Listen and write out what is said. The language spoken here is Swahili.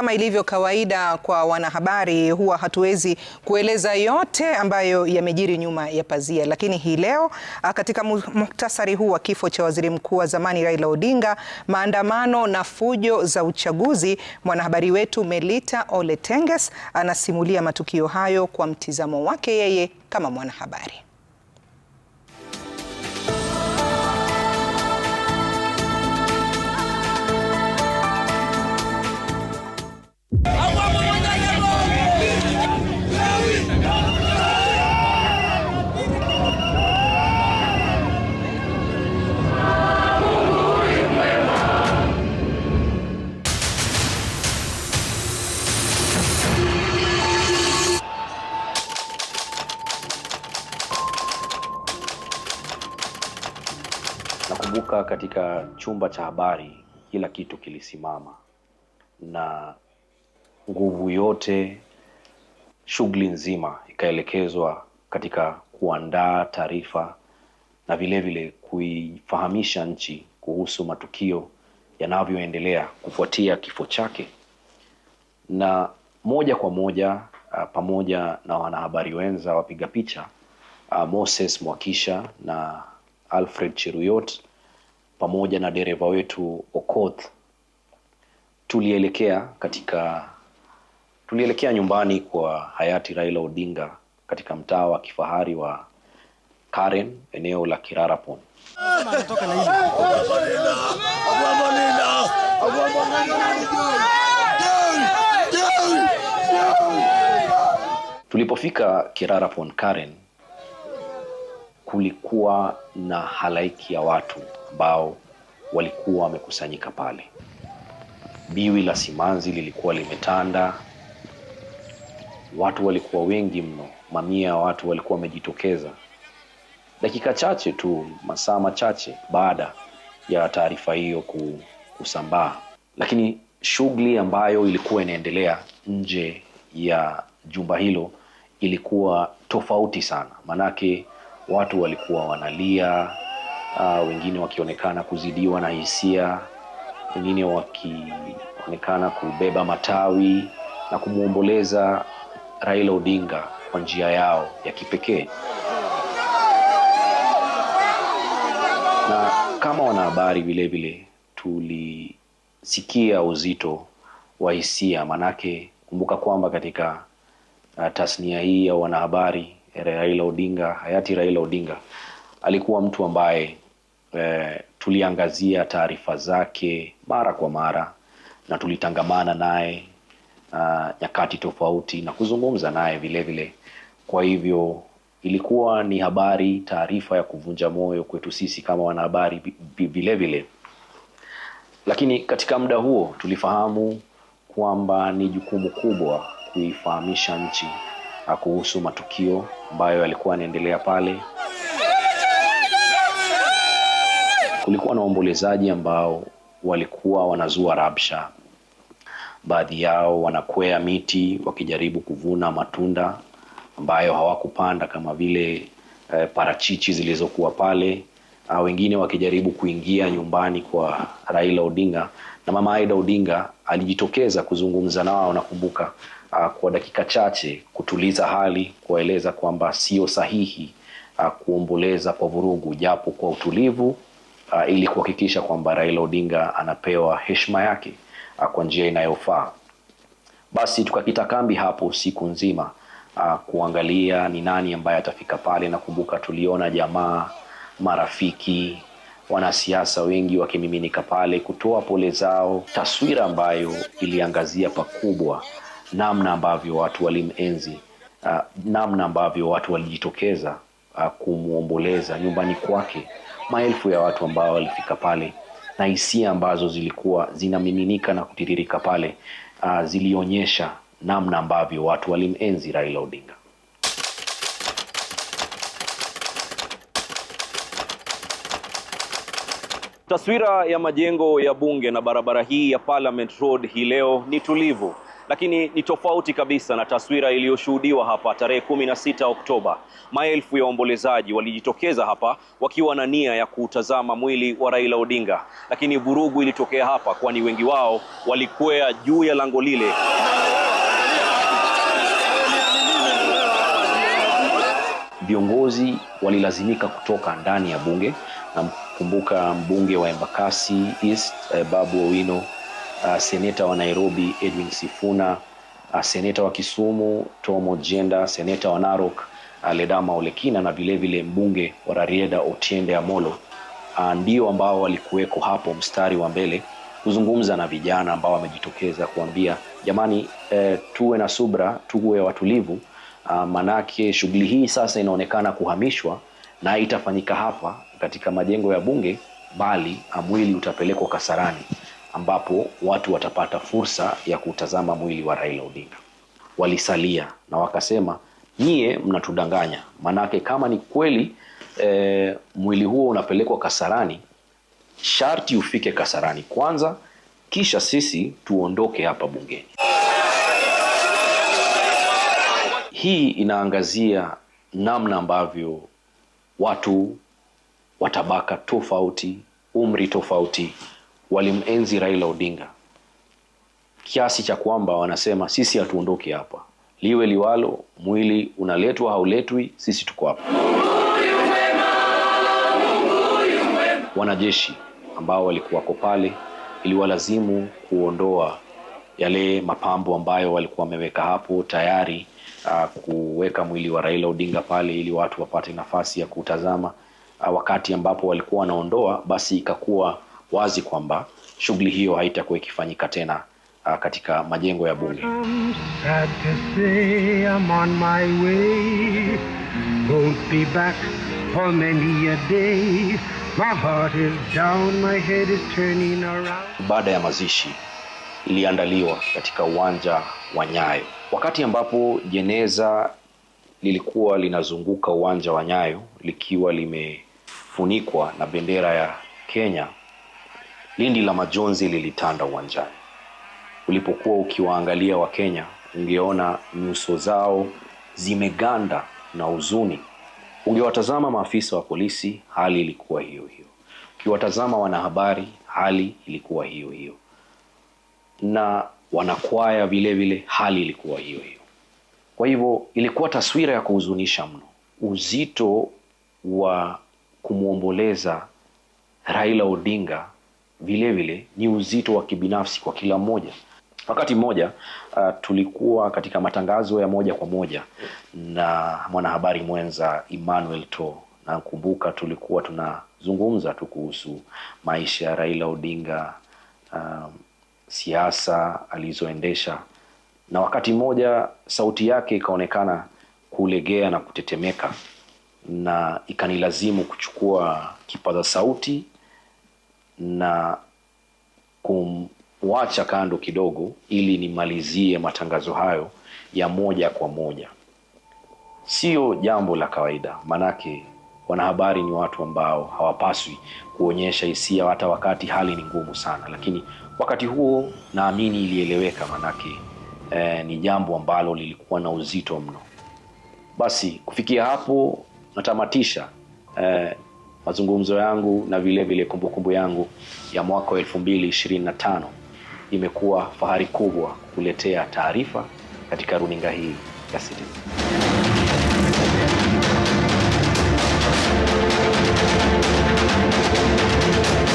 Kama ilivyo kawaida kwa wanahabari, huwa hatuwezi kueleza yote ambayo yamejiri nyuma ya pazia, lakini hii leo ah, katika muhtasari huu wa kifo cha waziri mkuu wa zamani Raila Odinga, maandamano na fujo za uchaguzi, mwanahabari wetu Melita Ole Tenges anasimulia matukio hayo kwa mtizamo wake yeye kama mwanahabari. Nakumbuka katika chumba cha habari kila kitu kilisimama, na nguvu yote, shughuli nzima ikaelekezwa katika kuandaa taarifa na vilevile kuifahamisha nchi kuhusu matukio yanavyoendelea kufuatia kifo chake, na moja kwa moja ah, pamoja na wanahabari wenza wapiga picha ah, Moses Mwakisha na Alfred Cheruyot pamoja na dereva wetu Okoth tulielekea katika tulielekea nyumbani kwa hayati Raila Odinga katika mtaa wa kifahari wa Karen eneo la Kirarapon. Tulipofika Kirarapon Karen kulikuwa na halaiki ya watu ambao walikuwa wamekusanyika pale. Biwi la simanzi lilikuwa limetanda, watu walikuwa wengi mno, mamia ya watu walikuwa wamejitokeza. Dakika chache tu, masaa machache baada ya taarifa hiyo kusambaa, lakini shughuli ambayo ilikuwa inaendelea nje ya jumba hilo ilikuwa tofauti sana, manake watu walikuwa wanalia, uh, wengine wakionekana kuzidiwa na hisia, wengine wakionekana kubeba matawi na kumwomboleza Raila Odinga kwa njia yao ya kipekee. Na kama wanahabari vilevile tulisikia uzito wa hisia, manake kumbuka kwamba katika uh, tasnia hii ya wanahabari Raila Odinga, hayati Raila Odinga alikuwa mtu ambaye eh, tuliangazia taarifa zake mara kwa mara na tulitangamana naye uh, nyakati tofauti na kuzungumza naye vile vile. Kwa hivyo ilikuwa ni habari, taarifa ya kuvunja moyo kwetu sisi kama wanahabari vile vile, lakini katika muda huo tulifahamu kwamba ni jukumu kubwa kuifahamisha nchi kuhusu matukio ambayo yalikuwa yanaendelea pale. Kulikuwa na waombolezaji ambao walikuwa wanazua rabsha, baadhi yao wanakwea miti wakijaribu kuvuna matunda ambayo hawakupanda kama vile eh, parachichi zilizokuwa pale, wengine wakijaribu kuingia nyumbani kwa Raila Odinga na Mama Aida Odinga alijitokeza kuzungumza nao, nakumbuka uh, kwa dakika chache kutuliza hali, kuwaeleza kwamba sio sahihi uh, kuomboleza kwa vurugu, japo kwa utulivu uh, ili kuhakikisha kwamba Raila Odinga anapewa heshima yake uh, kwa njia inayofaa. Basi tukakita kambi hapo usiku nzima uh, kuangalia ni nani ambaye atafika pale. Nakumbuka tuliona jamaa, marafiki wanasiasa wengi wakimiminika pale kutoa pole zao, taswira ambayo iliangazia pakubwa namna ambavyo watu walimenzi uh, namna ambavyo watu walijitokeza uh, kumwomboleza nyumbani kwake, maelfu ya watu ambao walifika pale na hisia ambazo zilikuwa zinamiminika na kutiririka pale uh, zilionyesha namna ambavyo watu walimenzi Raila Odinga. Taswira ya majengo ya bunge na barabara hii ya Parliament Road hii leo ni tulivu lakini ni tofauti kabisa na taswira iliyoshuhudiwa hapa tarehe kumi na sita Oktoba. Maelfu ya waombolezaji walijitokeza hapa wakiwa na nia ya kuutazama mwili wa Raila Odinga, lakini vurugu ilitokea hapa, kwani wengi wao walikwea juu ya lango lile Viongozi walilazimika kutoka ndani ya bunge, na mbunge wa Embakasi East eh, Babu Owino uh, seneta wa Nairobi Edwin Sifuna, uh, seneta wa Kisumu Tom Ojienda, seneta wa Narok uh, Ledama Olekina na vilevile mbunge wa Rarieda Otiende Amolo uh, ndio ambao walikuweko hapo mstari wa mbele kuzungumza na vijana ambao wamejitokeza kuambia jamani, eh, tuwe na subra, tuwe watulivu uh, manake shughuli hii sasa inaonekana kuhamishwa na itafanyika hapa katika majengo ya bunge, bali mwili utapelekwa Kasarani ambapo watu watapata fursa ya kutazama mwili wa Raila Odinga. Walisalia na wakasema, nyie mnatudanganya, maanake kama ni kweli e, mwili huo unapelekwa Kasarani, sharti ufike Kasarani kwanza, kisha sisi tuondoke hapa bungeni. Hii inaangazia namna ambavyo watu watabaka tofauti, umri tofauti walimenzi Raila Odinga kiasi cha kwamba wanasema sisi hatuondoki hapa, liwe liwalo, mwili unaletwa hauletwi, sisi tuko hapa. Wanajeshi ambao walikuwa pale iliwalazimu kuondoa yale mapambo ambayo walikuwa wameweka hapo tayari, uh, kuweka mwili wa Raila Odinga pale ili watu wapate nafasi ya kutazama. Uh, wakati ambapo walikuwa wanaondoa, basi ikakuwa wazi kwamba shughuli hiyo haitakuwa ikifanyika tena uh, katika majengo ya bunge. Baada ya mazishi iliandaliwa katika uwanja wa Nyayo, wakati ambapo jeneza lilikuwa linazunguka uwanja wa Nyayo likiwa limefunikwa na bendera ya Kenya. Lindi la majonzi lilitanda uwanjani. Ulipokuwa ukiwaangalia Wakenya ungeona nyuso zao zimeganda na huzuni. Ungewatazama maafisa wa polisi, hali ilikuwa hiyo hiyo. Ukiwatazama wanahabari, hali ilikuwa hiyo hiyo, na wanakwaya vile vile, hali ilikuwa hiyo hiyo. Kwa hivyo ilikuwa taswira ya kuhuzunisha mno, uzito wa kumwomboleza Raila Odinga vilevile ni uzito wa kibinafsi kwa kila mmoja. Wakati mmoja uh, tulikuwa katika matangazo ya moja kwa moja na mwanahabari mwenza Emmanuel To, nakumbuka tulikuwa tunazungumza tu kuhusu maisha ya Raila Odinga, uh, siasa alizoendesha, na wakati mmoja sauti yake ikaonekana kulegea na kutetemeka, na ikanilazimu kuchukua kipaza sauti na kumwacha kando kidogo, ili nimalizie matangazo hayo ya moja kwa moja. Sio jambo la kawaida, manake wanahabari ni watu ambao hawapaswi kuonyesha hisia hata wakati hali ni ngumu sana, lakini wakati huo naamini ilieleweka, manake eh, ni jambo ambalo lilikuwa na uzito mno. Basi kufikia hapo natamatisha eh, mazungumzo yangu na vile vile kumbukumbu yangu ya mwaka wa 2025 imekuwa fahari kubwa kuletea taarifa katika runinga hii ya Citizen.